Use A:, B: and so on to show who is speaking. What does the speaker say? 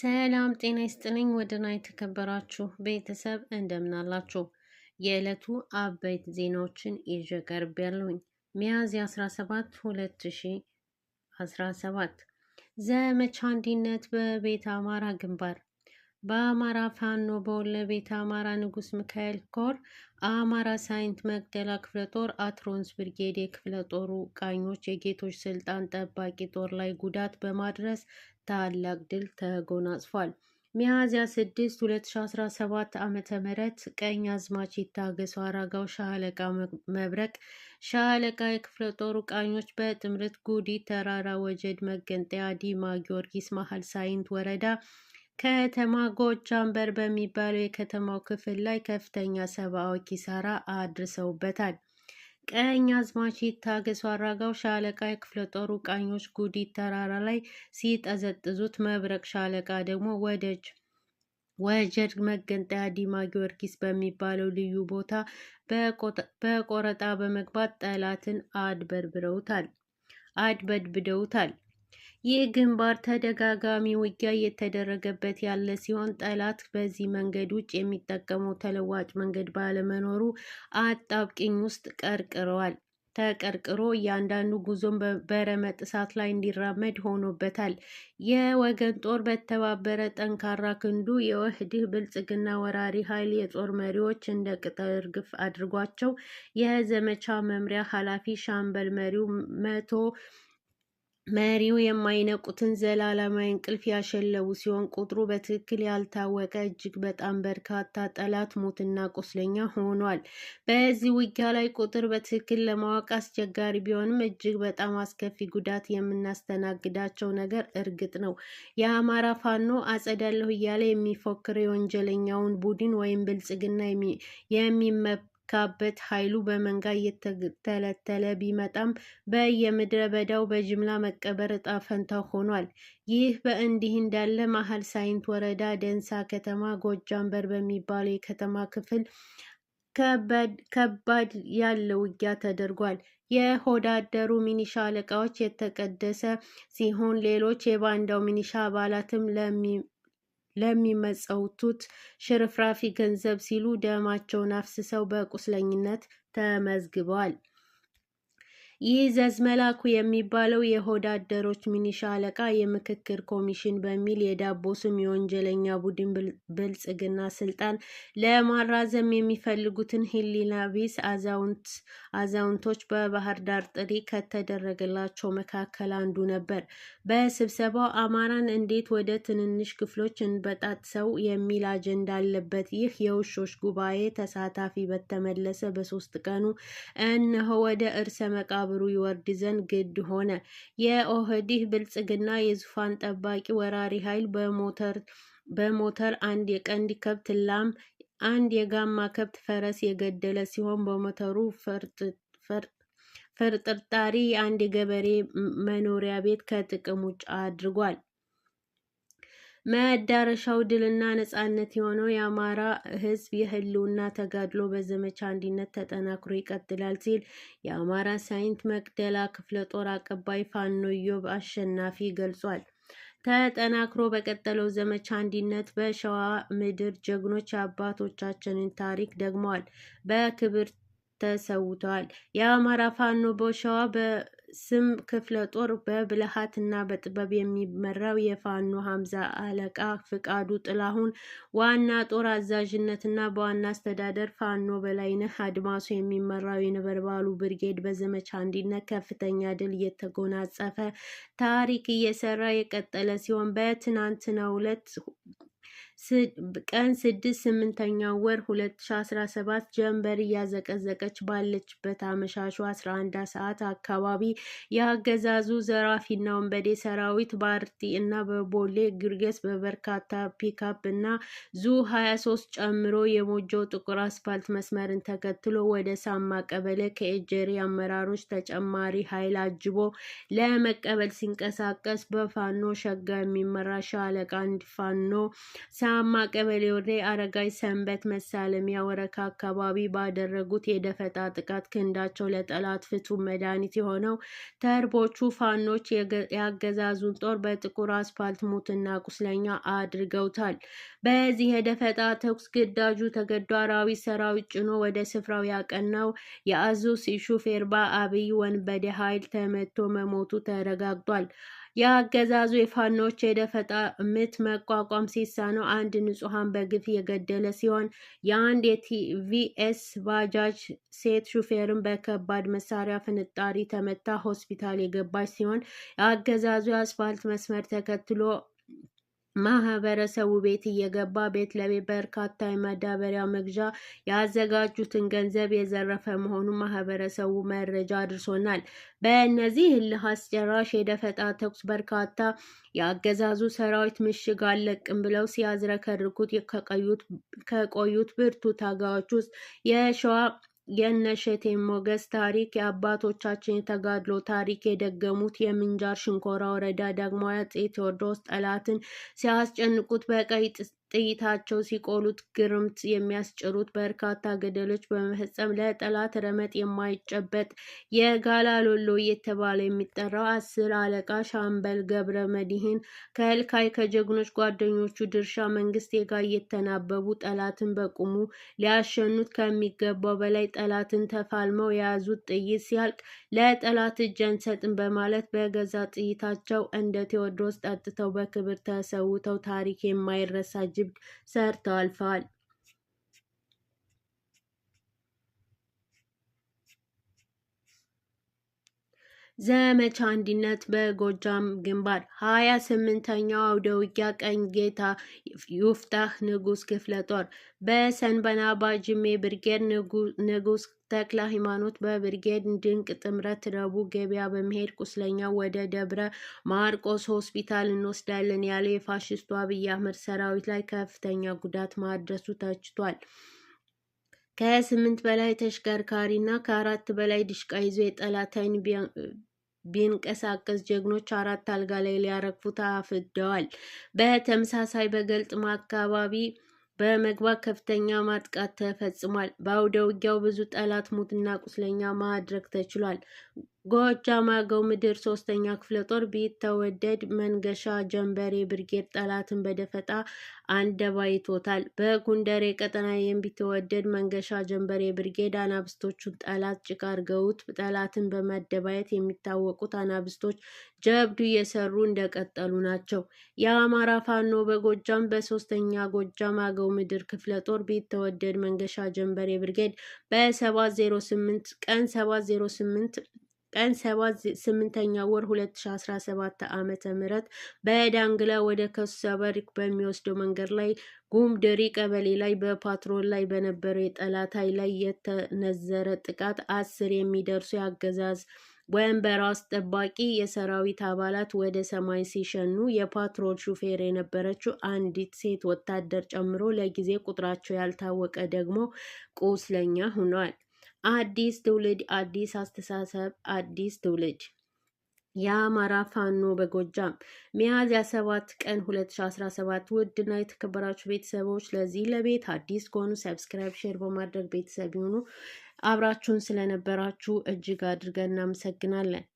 A: ሰላም ጤና ይስጥልኝ። ወደና የተከበራችሁ ቤተሰብ እንደምናላችሁ የዕለቱ አበይት ዜናዎችን ይዤ ቀርብ ሚያዝ ሚያዝያ 17 2017 ዘመቻ አንድነት በቤተ አማራ ግንባር በአማራ ፋኖ በወሎ ቤተ አማራ ንጉስ ሚካኤል ኮር አማራ ሳይንት መቅደላ ክፍለ ጦር አትሮንስ ብርጌዴ ክፍለ ጦሩ ቃኞች የጌቶች ስልጣን ጠባቂ ጦር ላይ ጉዳት በማድረስ ታላቅ ድል ተጎናጽፏል። ሚያዝያ 6 2017 ዓ.ም ቀኝ አዝማች ይታገሱ አራጋው ሻለቃ መብረቅ ሻለቃ የክፍለ ጦሩ ቃኞች በጥምረት ጉዲት ተራራ ወጀድ መገንጠያ ዲማ ጊዮርጊስ መሀል ሳይንት ወረዳ ከተማ ጎጃምበር በሚባለው የከተማው ክፍል ላይ ከፍተኛ ሰብአዊ ኪሳራ አድርሰውበታል። ቀኝ አዝማች ይታገሱ አራጋው ሻለቃ የክፍለ ጦሩ ቃኞች ጉዲት ተራራ ላይ ሲጠዘጥዙት፣ መብረቅ ሻለቃ ደግሞ ወደጅ ወጀድ መገንጠያ ዲማ ጊዮርጊስ በሚባለው ልዩ ቦታ በቆረጣ በመግባት ጠላትን አድበድብደውታል። ይህ ግንባር ተደጋጋሚ ውጊያ እየተደረገበት ያለ ሲሆን ጠላት በዚህ መንገድ ውጭ የሚጠቀመው ተለዋጭ መንገድ ባለመኖሩ አጣብቂኝ ውስጥ ቀርቅረዋል ተቀርቅሮ እያንዳንዱ ጉዞን በረመጥ እሳት ላይ እንዲራመድ ሆኖበታል። የወገን ጦር በተባበረ ጠንካራ ክንዱ የወህድህ ብልጽግና ወራሪ ኃይል የጦር መሪዎች እንደ ቅጠል እርግፍ አድርጓቸው የዘመቻ መምሪያ ኃላፊ ሻምበል መሪው መቶ መሪው የማይነቁትን ዘላለማዊ እንቅልፍ ያሸለቡ ሲሆን ቁጥሩ በትክክል ያልታወቀ እጅግ በጣም በርካታ ጠላት ሞትና ቁስለኛ ሆኗል። በዚህ ውጊያ ላይ ቁጥር በትክክል ለማወቅ አስቸጋሪ ቢሆንም እጅግ በጣም አስከፊ ጉዳት የምናስተናግዳቸው ነገር እርግጥ ነው። የአማራ ፋኖ አጸዳለሁ እያለ የሚፎክር የወንጀለኛውን ቡድን ወይም ብልጽግና የሚመ የመካበት ኃይሉ በመንጋ እየተተለተለ ቢመጣም በየምድረ በዳው በጅምላ መቀበር እጣ ፈንታ ሆኗል። ይህ በእንዲህ እንዳለ መሀል ሳይንት ወረዳ ደንሳ ከተማ ጎጃምበር በሚባለው የከተማ ክፍል ከባድ ያለ ውጊያ ተደርጓል። የሆዳደሩ ሚኒሻ አለቃዎች የተቀደሰ ሲሆን ሌሎች የባንዳው ሚኒሻ አባላትም ለሚመጸውቱት ሽርፍራፊ ገንዘብ ሲሉ ደማቸውን አፍስሰው በቁስለኝነት ተመዝግበዋል። ይህ ዘዝመላኩ የሚባለው አደሮች ሚኒሻ አለቃ የምክክር ኮሚሽን በሚል የዳቦ ስም የወንጀለኛ ቡድን ብልጽግና ስልጣን ለማራዘም የሚፈልጉትን ሕሊና ቢስ አዛውንቶች በባህር ዳር ጥሪ ከተደረገላቸው መካከል አንዱ ነበር። በስብሰባው አማራን እንዴት ወደ ትንንሽ ክፍሎች እንበጣጥሰው የሚል አጀንዳ አለበት። ይህ የውሾች ጉባኤ ተሳታፊ በተመለሰ በሶስት ቀኑ እነሆ ወደ እርሰ መቃብሩ መቃብሩ ይወርድ ዘንድ ግድ ሆነ። የኦህዲህ ብልጽግና የዙፋን ጠባቂ ወራሪ ኃይል በሞተር አንድ የቀንድ ከብት ላም፣ አንድ የጋማ ከብት ፈረስ የገደለ ሲሆን በሞተሩ ፍርጥርጣሪ የአንድ የገበሬ መኖሪያ ቤት ከጥቅም ውጭ አድርጓል። መዳረሻው ድልና ነጻነት የሆነው የአማራ ህዝብ የህልውና ተጋድሎ በዘመቻ አንድነት ተጠናክሮ ይቀጥላል ሲል የአማራ ሳይንት መቅደላ ክፍለ ጦር አቀባይ ፋኖ ዮብ አሸናፊ ገልጿል። ተጠናክሮ በቀጠለው ዘመቻ አንድነት በሸዋ ምድር ጀግኖች የአባቶቻችንን ታሪክ ደግመዋል፣ በክብር ተሰውተዋል። የአማራ ፋኖ በሸዋ ስም ክፍለ ጦር በብልሃት እና በጥበብ የሚመራው የፋኖ ሀምዛ አለቃ ፍቃዱ ጥላሁን ዋና ጦር አዛዥነት እና በዋና አስተዳደር ፋኖ በላይነህ አድማሱ የሚመራው የነበልባሉ ብርጌድ በዘመቻ አንዲነት ከፍተኛ ድል እየተጎናጸፈ ታሪክ እየሰራ የቀጠለ ሲሆን በትናንትናው ዕለት ቀን ስድስት ስምንተኛው ወር 2017 ጀንበር እያዘቀዘቀች ባለችበት አመሻሹ 11 ሰዓት አካባቢ የአገዛዙ ዘራፊናውን ወንበዴ ሰራዊት በአርቲ እና በቦሌ ግርጌስ በበርካታ ፒካፕ እና ዙ 23 ጨምሮ የሞጆ ጥቁር አስፋልት መስመርን ተከትሎ ወደ ሳማ ቀበሌ ከኤጀሪ አመራሮች ተጨማሪ ኃይል አጅቦ ለመቀበል ሲንቀሳቀስ በፋኖ ሸጋ የሚመራ ሻለቃ አንድ ፋኖ ገላማ ቀበሌ ወደ አረጋይ ሰንበት መሳለሚያ ወረካ አካባቢ ባደረጉት የደፈጣ ጥቃት ክንዳቸው ለጠላት ፍቱን መድኃኒት የሆነው ተርቦቹ ፋኖች የአገዛዙን ጦር በጥቁር አስፋልት ሙትና ቁስለኛ አድርገውታል። በዚህ የደፈጣ ተኩስ ግዳጁ ተገዶ አራዊት ሰራዊት ጭኖ ወደ ስፍራው ያቀናው የአዙ ሹፌርባ አብይ ወንበዴ ኃይል ተመቶ መሞቱ ተረጋግጧል። የአገዛዙ የፋኖች የደፈጣ ምት መቋቋም ሲሳነው አንድ ንጹሐን በግፍ የገደለ ሲሆን የአንድ የቲቪኤስ ባጃጅ ሴት ሹፌርን በከባድ መሳሪያ ፍንጣሪ ተመታ ሆስፒታል የገባች ሲሆን የአገዛዙ የአስፋልት መስመር ተከትሎ ማህበረሰቡ ቤት እየገባ ቤት ለቤት በርካታ የማዳበሪያ መግዣ ያዘጋጁትን ገንዘብ የዘረፈ መሆኑን ማህበረሰቡ መረጃ አድርሶናል። በእነዚህ እልህ አስጨራሽ የደፈጣ ተኩስ በርካታ የአገዛዙ ሰራዊት ምሽግ አለቅም ብለው ሲያዝረከርኩት ከቆዩት ብርቱ ታጋዮች ውስጥ የሸዋ የነሸቴ ሞገስ ታሪክ የአባቶቻችን የተጋድሎ ታሪክ የደገሙት የምንጃር ሽንኮራ ወረዳ ዳግማዊ አጼ ቴዎድሮስ ጠላትን ሲያስጨንቁት በቀይ ጥይታቸው ሲቆሉት ግርምት የሚያስጭሩት በርካታ ገደሎች በመፈጸም ለጠላት ረመጥ የማይጨበጥ የጋላሎሎ እየተባለ የሚጠራው አስር አለቃ ሻምበል ገብረ መድህን ከልካይ ከጀግኖች ጓደኞቹ ድርሻ መንግስት ጋር እየተናበቡ ጠላትን በቁሙ ሊያሸኑት ከሚገባው በላይ ጠላትን ተፋልመው የያዙት ጥይት ሲያልቅ ለጠላት እጅ አንሰጥም በማለት በገዛ ጥይታቸው እንደ ቴዎድሮስ ጠጥተው በክብር ተሰውተው ታሪክ የማይረሳ ጅብድ ሰርቶ አልፏል። ዘመቻ አንድነት በጎጃም ግንባር ሀያ ስምንተኛው አውደ ውጊያ ቀኝ ጌታ ዩፍታህ ንጉስ ክፍለ ጦር በሰንበናባ ጅሜ ብርጌድ ንጉስ ተክለ ሃይማኖት በብርጌድ ድንቅ ጥምረት ረቡዕ ገበያ በመሄድ ቁስለኛ ወደ ደብረ ማርቆስ ሆስፒታል እንወስዳለን ያለው የፋሽስቱ አብይ አህመድ ሰራዊት ላይ ከፍተኛ ጉዳት ማድረሱ ተችቷል። ከስምንት በላይ ተሽከርካሪ እና ከአራት በላይ ድሽቃ ይዞ የጠላታይን ቢንቀሳቀስ ጀግኖች አራት አልጋ ላይ ሊያረግፉት አፍደዋል። በተመሳሳይ በገልጥማ አካባቢ በመግባት ከፍተኛ ማጥቃት ተፈጽሟል። በአውደ ውጊያው ብዙ ጠላት ሙትና ቁስለኛ ማድረግ ተችሏል። ጎጃም አገው ምድር ሶስተኛ ክፍለ ጦር ቢተወደድ መንገሻ ጀንበሬ ብርጌድ ጠላትን በደፈጣ አንደባይቶታል። በጉንደሬ ቀጠና ቢተወደድ መንገሻ ጀንበሬ ብርጌድ አናብስቶቹን ጠላት ጭቃ አርገውት ጠላትን በመደባየት የሚታወቁት አናብስቶች ጀብዱ እየሰሩ እንደቀጠሉ ናቸው። የአማራ ፋኖ በጎጃም በሶስተኛ ጎጃም አገው ምድር ክፍለ ጦር ቢተወደድ መንገሻ ጀንበሬ ብርጌድ በ708 ቀን 708 ቀን 7 8ኛ ወር 2017 ዓ ም በዳንግላ ወደ ከሱሳበሪክ በሚወስደው መንገድ ላይ ጉምደሪ ቀበሌ ላይ በፓትሮል ላይ በነበረው የጠላት ኃይል ላይ የተነዘረ ጥቃት አስር የሚደርሱ የአገዛዝ ወንበር አስጠባቂ የሰራዊት አባላት ወደ ሰማይ ሲሸኑ የፓትሮል ሹፌር የነበረችው አንዲት ሴት ወታደር ጨምሮ ለጊዜ ቁጥራቸው ያልታወቀ ደግሞ ቁስለኛ ሆኗል። አዲስ ትውልድ፣ አዲስ አስተሳሰብ፣ አዲስ ትውልድ። የአማራ ፋኖ በጎጃም ሚያዝያ ሰባት ቀን 2017። ውድና የተከበራችሁ ቤተሰቦች ለዚህ ለቤት አዲስ ከሆኑ ሰብስክራይብ፣ ሼር በማድረግ ቤተሰብ ይሁኑ። አብራችሁን ስለነበራችሁ እጅግ አድርገን እናመሰግናለን።